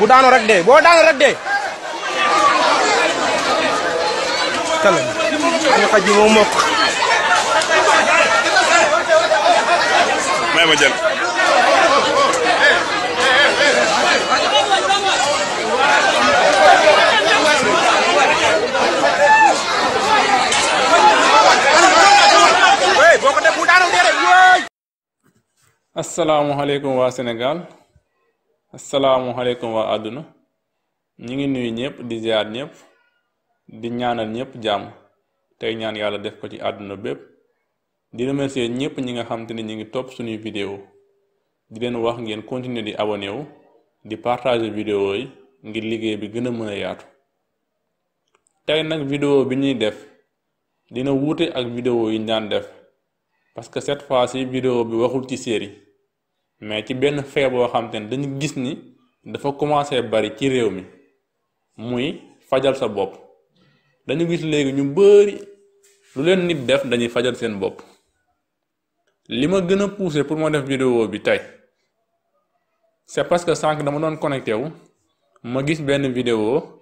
bu daanu rek dee boo daanu rek dee. kàlla bi xaj bi asalaamualeykum waa Sénégal asalaamualeykum waa àdduna ñu ngi nuyu ñëpp di jaar ñëpp di ñaanal ñëpp jàmm tey ñaan yàlla def ko ci àdduna bépp di remercier ñëpp ñi nga xam te ne ñu ngi topp suñuy vidéo di leen wax ngeen continuer di abonné di partager vidéo yi ngir liggéey bi gën a mën a yaatu tey nag vidéo bi ñuy def dina wuute ak vidéo yi ñu daan def parce que cette fois-ci vidéo bi waxul ci série mais ci benn fee boo xam ne dañu gis ni dafa commencé bari ci réew mi muy fajal sa bopp dañu gis léegi ñu bari lu leen nit def dañuy fajal seen bopp li ma gën a poussé pour ma def vidéo bi tey c'est parce que sànq dama doon connecté wu ma gis benn vidéo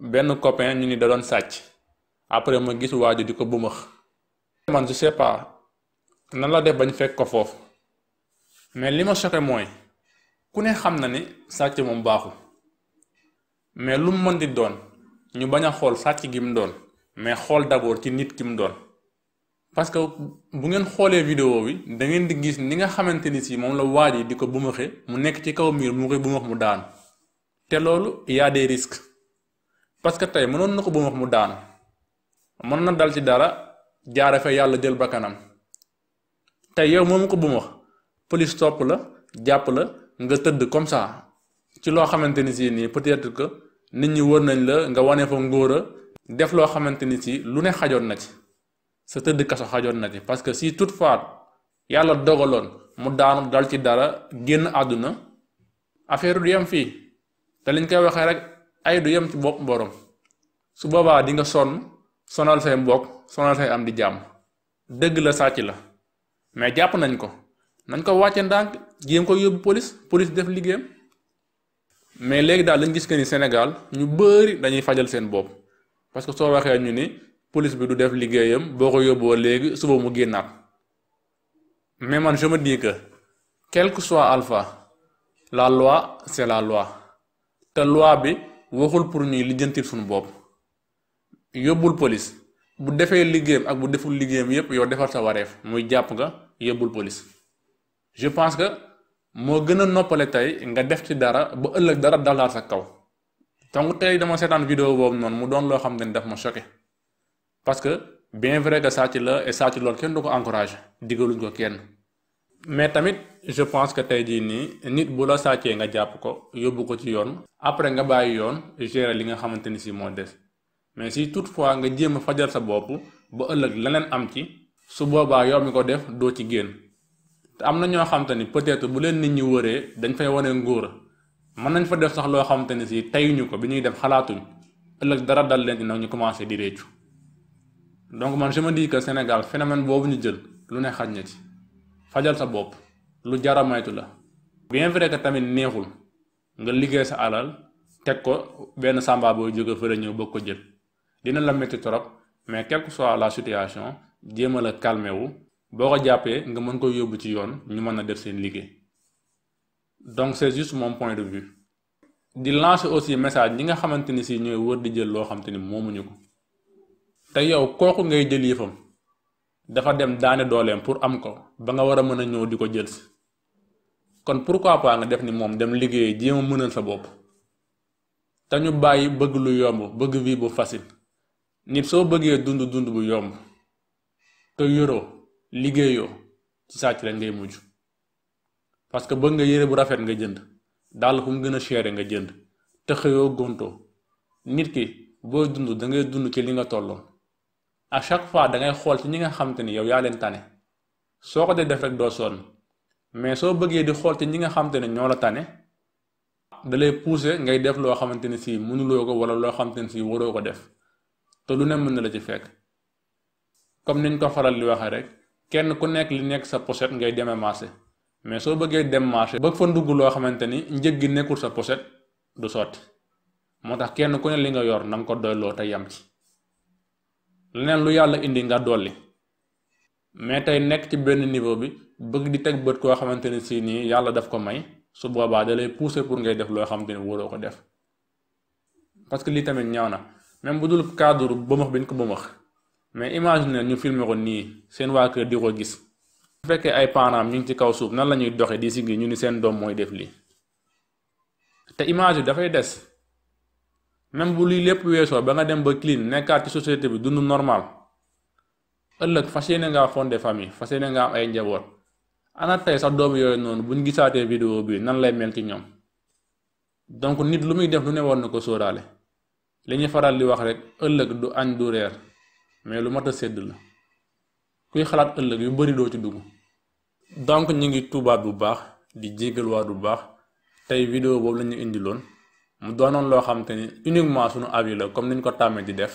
benn copain ñu ni da doon sàcc après ma gis waaju di ko bumax man je nan la def bañ fekk ko foofu mais li ma choqué mooy ku ne xam na ni sàcc moom baaxul mais lu mu mën di doon ñu bañ a xool sàcc gi mu doon mais xool d'abord ci nit ki mu doon parce que bu ngeen xoolee vidéo bi da ngeen di gis ni nga xamante ni si moom la waaj yi di ko bumaxe mu nekk ci kaw miir mu koy bumax mu daan te loolu yaa a des risques parce que tey mënoon na ko bumax mu daan mën na dal ci dara jaare fa yàlla jël bakkanam tey yow moom ko bu mu wax police topp la jàpp la nga tëdd comme ça ci loo xamante ni si nii peut-être nit ñi wër nañ la nga wane fa ngóor a def loo xamante ni si lu ne xajoon na ci sa tëdd kaso xajoon na ci parce que si toutefois yàlla dogaloon mu daanu dal ci dara génn àdduna affaire du yem fii te liñ koy waxee rek ay du yem ci bopp borom su boobaa di nga sonn sonal say mbokk sonal say am di jàmm dëgg la sàcc la. mais jàpp nañ ko nañ ko wàcce ndànk jéem ko yóbbu police police def liggéeyam mais léegi daal dañ gis que ni Sénégal ñu bëri dañuy fajal seen bopp parce que soo waxee ñu ni police bi du def liggéeyam boo ko yóbboo léegi suba mu génnaat mais man je me quelque que quel que alpha la loi c'est la loi te loi bi waxul pour ñuy lijjantil suñu bopp yóbbul police bu defee liggéeyam ak bu deful liggéeyam yépp yow defal sa wareef muy jàpp nga yóbbul police je pense que moo gën a noppale tey nga def ci dara ba ëllëg dara dalaat sa kaw donc tey dama seetaan vidéo boobu noonu mu doon loo xam ne daf ma choqué parce que bien vrai que sàcc la et sàcc loolu kenn du ko encouragé digaluñ ko kenn mais tamit je pense que tey jii nii nit bu la sàccee nga jàpp ko yóbbu ko ci yoon après nga bàyyi yoon gérer li nga xamante ni si moo des mais si tout fois nga jéem a fajal sa bopp ba ëllëg leneen am ci su boobaa yow mi ko def doo ci génn te am na ñoo xam te ni peut bu leen nit ñi wëree dañ fay wane ngóor mën nañ fa def sax loo xam te ni si teyuñu ko bi ñuy def xalaatuñ ëllëg dara dal leen ci nag ñu commencé di réccu donc man je me dis que Sénégal phénomène boobu ñu jël lu ne xaj na ci fajal sa bopp lu jara maytu la bien vrai que tamit neexul nga liggéey sa alal teg ko benn sàmba booy jóge ñëw bëgg ko jël dina la métti trop mais quelle que soit la situation jéemal a calmé wu boo ko jàppee nga mën ko yóbbu ci yoon ñu mën a def seen liggéey donc c'est juste moom point de vue. di lancer aussi message ñi nga xamante ni si ñooy wër di jël loo xam te ni moomuñu ko te yow kooku ngay jël yëfam dafa dem daane dooleem pour am ko ba nga war a mën a ñëw di ko jël si kon pour pourquoi pas nga def ni moom dem liggéey jéem a mënal sa bopp te ñu bàyyi bëgg lu yomb bëgg vie bu nit soo bëggee dund dund bu yomb te yoroo liggéeyoo ci sàcc lañ ngay mujj parce que bëgg nga yére bu rafet nga jënd dàll fu mu gën a chéré nga jënd te xëyoo gontoo nit ki booy dund da ngay dund ci li nga tolloon à chaque fois da ngay xool ci ñi nga xamante ni yow yaa leen tane soo ko dee def rek doo sonn mais soo bëggee di xool ci ñi nga xamante ne ñoo la tane da lay pousser ngay def loo xamante ne si mënuloo ko wala loo xamante ne si waroo ko def. te lu ne mën na la ci fekk comme niñ ko faral di waxee rek kenn ku nekk li nekk sa pochette ngay demee marché mais soo bëggee dem marché bëgg fa ndugg loo xamante ni njëg gi nekkul sa pochette du sotti moo tax kenn ku ne li nga yor nanga ko doyloo te yam ci leneen lu yàlla indi nga dolli mais tey nekk ci benn niveau bi bëgg di teg bët koo xamante ni si nii yàlla daf ko may su boobaa da lay pousser pour ngay def loo xamante ni waroo ko def parce que lii tamit ñaaw na. même bu dul cadre bëmax bi ñu ko bëmax mais image imagine ñu filmer ko nii seen waa kër di ko gis bu fekkee ay parents ñu ngi ci kaw suuf nan la ñuy doxe di siggi ñu ni seen doom mooy def lii te image bi dafay des même bu lii lépp weesoo ba nga dem ba clean nekkaat ci société bi dund normal ëllëg fas yéene ngaa fondé famille fas yéene ngaa am ay njaboot anaat tey sax doom yooyu noonu buñ gisaatee vidéo bii nan lay mel ci ñoom donc nit lu muy def lu ne war na ko sóoraale li ñu faral di wax rek ëllëg du añ du reer mais lu mat a sedd la kuy xalaat ëllëg yu bari doo ci dugg donc ñu ngi tuubaat bu baax di jégalwaat bu baax tey vidéo boobu la ñu loon mu doonoon loo xam te ni uniquement suñu avis la comme niñ ko tàmmee di def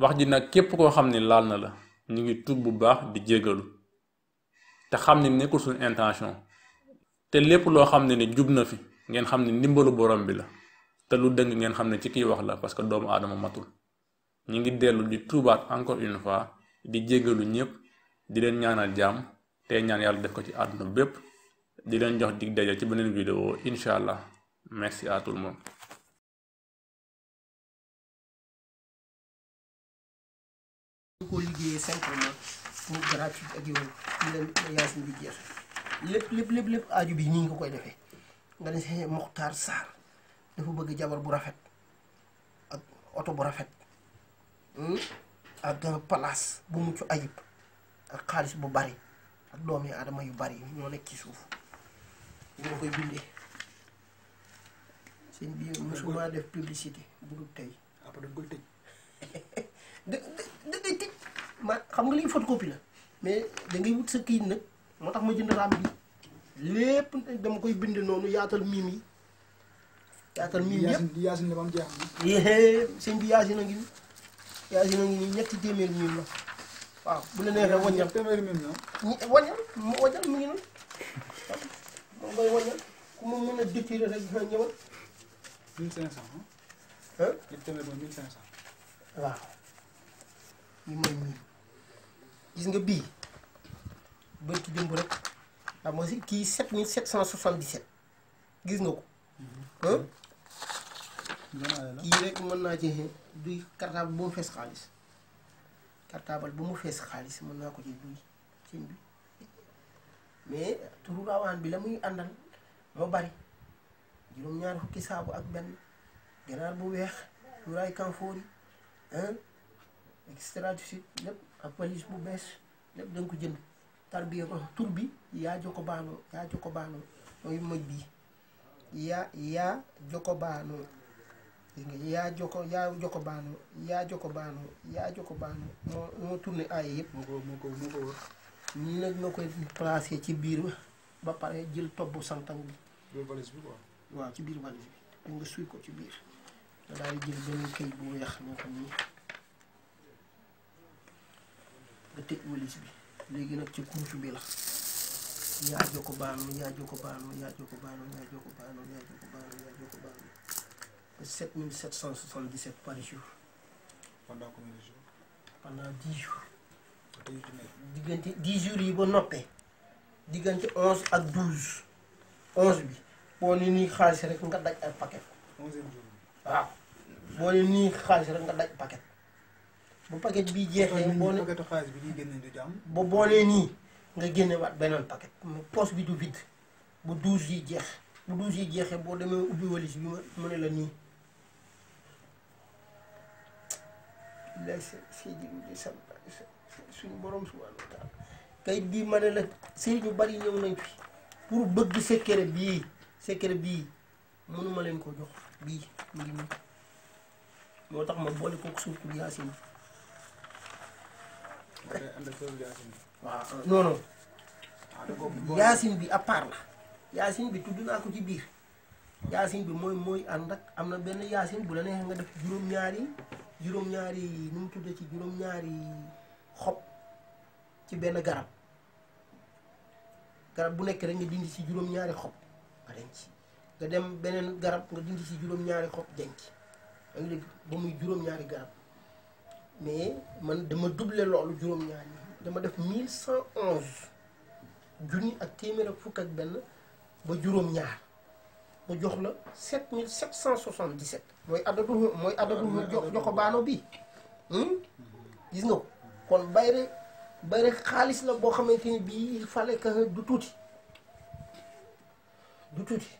wax ji nag képp koo xam ni laal na la ñu ngi tuub bu baax di jégalu te xam ni nekkul suñu intention te lépp loo xam ne ni jub na fi ngeen xam ni ndimbalu borom bi la te lu dëng ngeen xam ne ci kii wax la parce que doomu aadama matul ñu ngi dellu di tuubaat encore une di jéggalu ñépp di leen ñaanal jàmm te ñaan yàlla def ko ci àdduna bépp di leen jox dig daje ci beneen vidéo incha allah merci à tout lépp lépp lépp lépp bi nii nga koy defee nga ne Mokhtar Sarr dafa bëgg jabar bu rafet ak oto bu rafet hmm, ak palaas bu mucc ayib ak xaalis bu bari ak doomi adama yu bari ñoo nekk ci suuf ñoo koy bindee seen bi musuma def publicité bu dul tey après dañ ma xam nga lii photocopie la mais da ngay wut sa kayit nag moo tax ma jënd raam bi lépp dama koy bind noonu yaatal miim yi yaatal mi yëpp yaasin la ba mu eh, eh, a ngi nii yaasin a ngi nii ñetti téeméer miim la waaw bu la neexee waññal téeméer miim la ngi noonu moom ngay waññal ku mu mën a décrire rek ñëwal mille cinq waaw li mooy miim gis nga bii bërki démb rek xam nga kii sept mille sept cent soixante-dix-sept gis nga ko mhm. kii rek mën naa ci duy cartable bu mu fees xaalis cartable bu mu fees xaalis mën naa ko ci duy sëñ bi mais turu raawaan bi la muy àndal moo bari juróom-ñaar fukki saabu ak benn ganaar bu weex cuuraay kanfoor yi extra lépp ak valise bu bees lépp da ko jënd tarbiya tur bi yaa joko baanoo yaa joko baanoo mooy moj bi yaa yaa joko dégg nga yaa joko yaa joko baano yaa joko baano yaa joko baano moo moo tourné ay yëpp moo ko moo ko moo ko wër nii nag nga koy placé ci biir ba pare jël tobb santang bi valise bi quoi waaw ci biir valise bi da nga suy ko ci biir nga daal di jël benn këy bu weex moo ko nii nga tëj valise bi léegi nag ci couche bi la yaa joko baano yaa joko baano yaa joko baano yaa joko baano yaa joko baano yaa joko baano 7777 par jour. pendant combien de jours. pendant 10 jours. diggante 10 jours yi ba noppee diggante 11 ak 12 11 bi boo ne nii xaalis rek nga daj ay paquet. 11 jours waaw xaalis rek nga daj paquet bu paquet bi jeexee. boo ne paquetu xaalis bi di génne du jàmm. ba boo nii nga génne waat beneen paquet. poche bi du vide bu 12 yi jeex bu 12 yi jeexee boo demee ubbi walis mu ne la nii. Abdoulaye Seydi di suñu borom subhanahu wa taala kayit bii ma ne la sëriñ yu bari ñëw nañ fi pour bëgg secret bii secret bii mënuma leen ko jox bii mu ngi nii moo tax ma boole kook suurtu Yaasin waaw non yaasin bi à part la yaasin bi tudd naa ko ci biir yaasin bi mooy mooy ànd ak am na benn yaasin bu la neexee nga def juróom-ñaari juróom-ñaari nu mu tuddee ci juróom-ñaari xob ci benn garab garab bu nekk rek nga dindi ci juróom-ñaari xob nga denc nga dem beneen garab nga dindi ci juróom-ñaari xob denc da nga ba garab mais man dama doublé loolu juróom dama def mille cent onze junni ak téeméer ak fukk ak benn ba juróom-ñaar mu jox la 7777 mooy adadu mooy adadu joxo baano bii hmm? gis nga ko kon bayre bayre xaalis la boo xamante ni bii fale ka du tuuti du tuuti